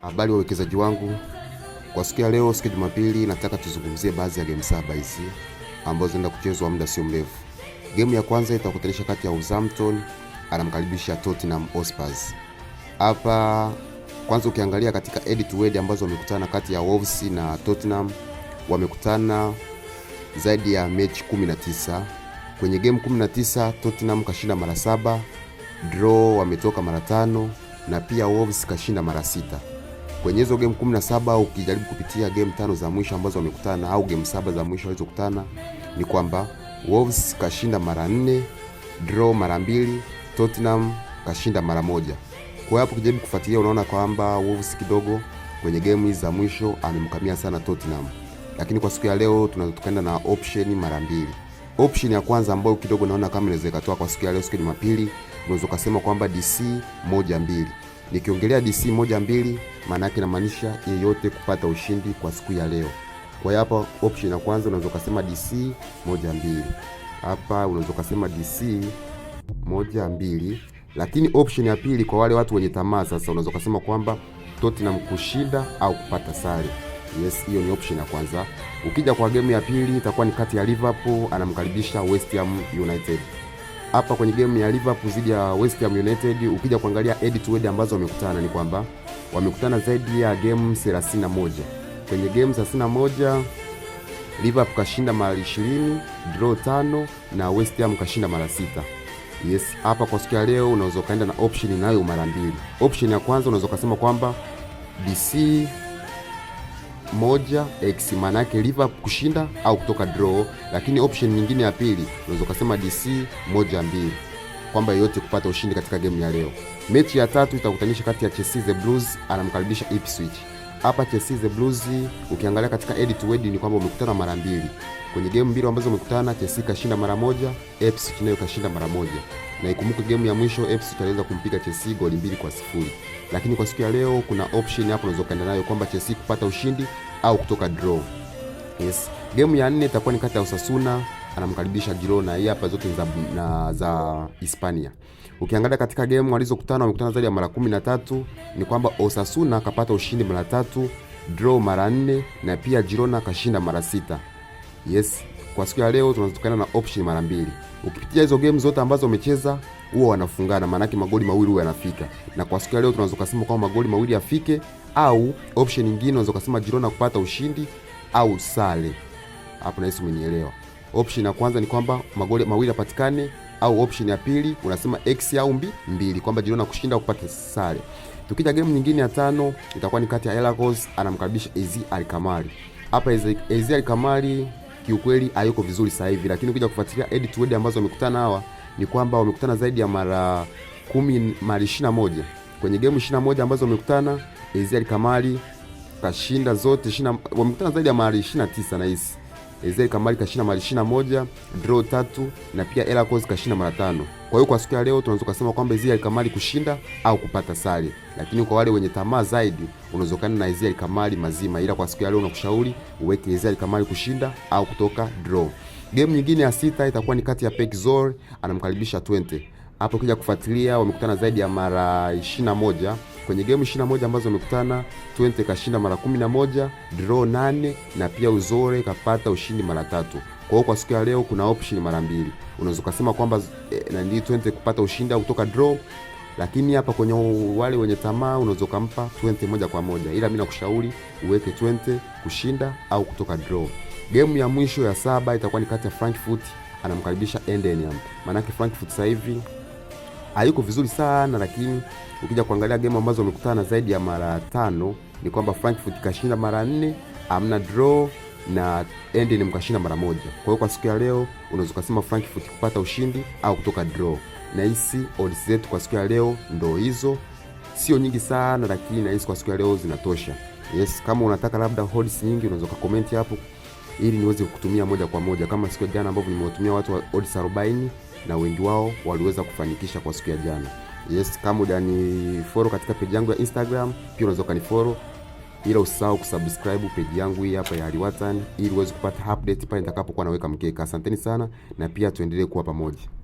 Habari wawekezaji wangu, kwa siku ya leo, siku ya Jumapili, nataka tuzungumzie baadhi ya game saba hizi ambazo zinaenda kuchezwa muda sio mrefu. Game ya kwanza itakutanisha kati ya Southampton anamkaribisha Tottenham Hotspur. Hapa kwanza, ukiangalia katika head to head ambazo wamekutana kati ya Wolves na Tottenham, wamekutana zaidi ya mechi 19. Kwenye game 19 Tottenham kashinda mara saba, draw wametoka mara tano na pia Wolves kashinda mara sita kwenye hizo game 17 ukijaribu kupitia game tano za mwisho ambazo wamekutana au game saba za mwisho walizokutana ni kwamba Wolves kashinda mara nne, draw mara mbili, Tottenham kashinda mara moja. Kwa hiyo hapo kijaribu kufuatilia, unaona kwamba Wolves kidogo kwenye game hizi za mwisho amemkamia sana Tottenham, lakini kwa siku ya leo tunatukaenda na option mara mbili. Option ya kwanza ambayo kidogo naona kama inaweza ikatoa kwa siku ya leo, siku ya Jumapili, unaweza kusema kwamba DC moja mbili Nikiongelea DC moja mbili, maana yake inamaanisha yeyote kupata ushindi kwa siku ya leo. Kwa hapa option ya kwanza unaweza kusema DC moja mbili, hapa unaweza kusema DC moja mbili, lakini option ya pili kwa wale watu wenye tamaa sasa, unaweza kusema kwamba Tottenham kushinda au kupata sare. Yes, hiyo ni option ya kwanza. Ukija kwa game ya pili itakuwa ni kati ya Liverpool anamkaribisha West Ham United hapa kwenye game ya Liverpool dhidi ya West Ham United, ukija kuangalia head to head ambazo wamekutana ni kwamba wamekutana zaidi ya game 31. Kwenye game 31 Liverpool kashinda mara 20, draw tano na West Ham kashinda mara sita. Yes, hapa kwa siku ya leo unaweza ukaenda na option nayo mara mbili. Option ya kwanza unaweza ukasema kwamba DC moja x, maana yake Liverpool kushinda au kutoka draw, lakini option nyingine ya pili unaweza ukasema DC moja mbili, kwamba yote kupata ushindi katika game ya leo. Mechi ya tatu itakutanisha kati ya Chelsea the Blues anamkaribisha Ipswich. Hapa Chelsea the Blues ukiangalia katika head to head ni kwamba umekutana mara mbili kwenye game mbili ambazo umekutana, Chelsea kashinda mara moja, Ipswich nayo kashinda mara moja na ikumbuke game ya mwisho FC tutaweza kumpiga Chelsea goli mbili kwa sifuri, lakini kwa siku ya leo kuna option hapo unaweza kaenda nayo kwamba Chelsea kupata ushindi au kutoka draw. Yes, Game ya nne itakuwa ni kati ya Osasuna anamkaribisha Girona. Hii hapa zote za, na, za Hispania. Ukiangalia katika game walizokutana wamekutana zaidi ya mara 13 ni kwamba Osasuna akapata ushindi mara tatu, draw mara nne na pia Girona kashinda mara sita. Yes, kwa siku ya leo tunazotokana na option mara mbili. Ukipitia hizo game zote ambazo wamecheza huwa wanafungana, maana yake magoli mawili huwa yanafika, na kwa siku ya leo tunaweza kusema kwamba magoli mawili yafike, au option nyingine unaweza kusema Girona kupata ushindi au sare. Hapo nahisi umenielewa. Option ya kwanza ni kwamba magoli mawili yapatikane, au option ya pili unasema x au mbi mbili, kwamba Girona kushinda kupata sare. Tukija game nyingine ya tano itakuwa ni kati ya Elagos anamkaribisha AZ Alkamari. Hapa AZ Alkamari kiukweli hayuko vizuri sasa hivi, lakini ukija kufuatilia head to head ambazo wamekutana hawa ni kwamba wamekutana zaidi ya mara kumi mara ishirini na moja kwenye gemu ishirini na moja ambazo wamekutana Ezekiel Kamali kashinda zote, wamekutana zaidi ya mara ishirini na tisa na hisi Ezel Kamali kashinda mara ishirini na moja, draw tatu na pia Elacos kashinda mara tano. Kwa hiyo kwa siku ya leo tunaweza kusema kwamba Ezel Kamali kushinda au kupata sare, lakini kwa wale wenye tamaa zaidi unawezekana na Ezel Kamali mazima, ila kwa siku ya leo nakushauri uweke Ezel Kamali kushinda au kutoka draw. Game nyingine ya sita itakuwa ni kati ya Pekzor anamkaribisha 20 Hapo kija kufuatilia wamekutana zaidi ya mara ishirini na moja kwenye gemu 21 ambazo wamekutana, Twente kashinda mara 11, draw 8 na pia Uzore kapata ushindi mara tatu. Kwa hiyo kwa siku ya leo kuna option mara mbili, unaweza kusema kwamba eh, na ndii Twente kupata ushindi au kutoka draw, lakini hapa kwenye wale wenye tamaa unaweza kumpa Twente moja kwa moja, ila mimi nakushauri uweke Twente kushinda au kutoka draw. Gemu ya mwisho ya saba itakuwa ni kati ya Frankfurt anamkaribisha Endeniam, maanake Frankfurt sasa hivi hayuko vizuri sana, lakini ukija kuangalia game ambazo wamekutana zaidi ya mara tano ni kwamba Frankfurt kashinda mara nne, amna draw na Eindhoven mkashinda mara moja. Kwa hiyo kwa siku ya leo unaweza kusema Frankfurt kupata ushindi au kutoka draw. Nahisi odds zetu kwa siku ya leo ndo hizo, sio nyingi sana, lakini nahisi kwa siku ya leo zinatosha. Yes, kama unataka labda odds nyingi unaweza kucomment hapo ili niweze kutumia moja kwa moja kama siku ya jana ambavyo nimewatumia watu wa odds 40 na wengi wao waliweza kufanikisha kwa siku ya jana. Yes, kama ujani follow katika page yangu ya Instagram pia unaweza ukanifollow, ila usisahau kusubscribe page yangu hii hapa ya Aliwatan ili uweze kupata update pale nitakapokuwa naweka mkeka. Asanteni sana na pia tuendelee kuwa pamoja.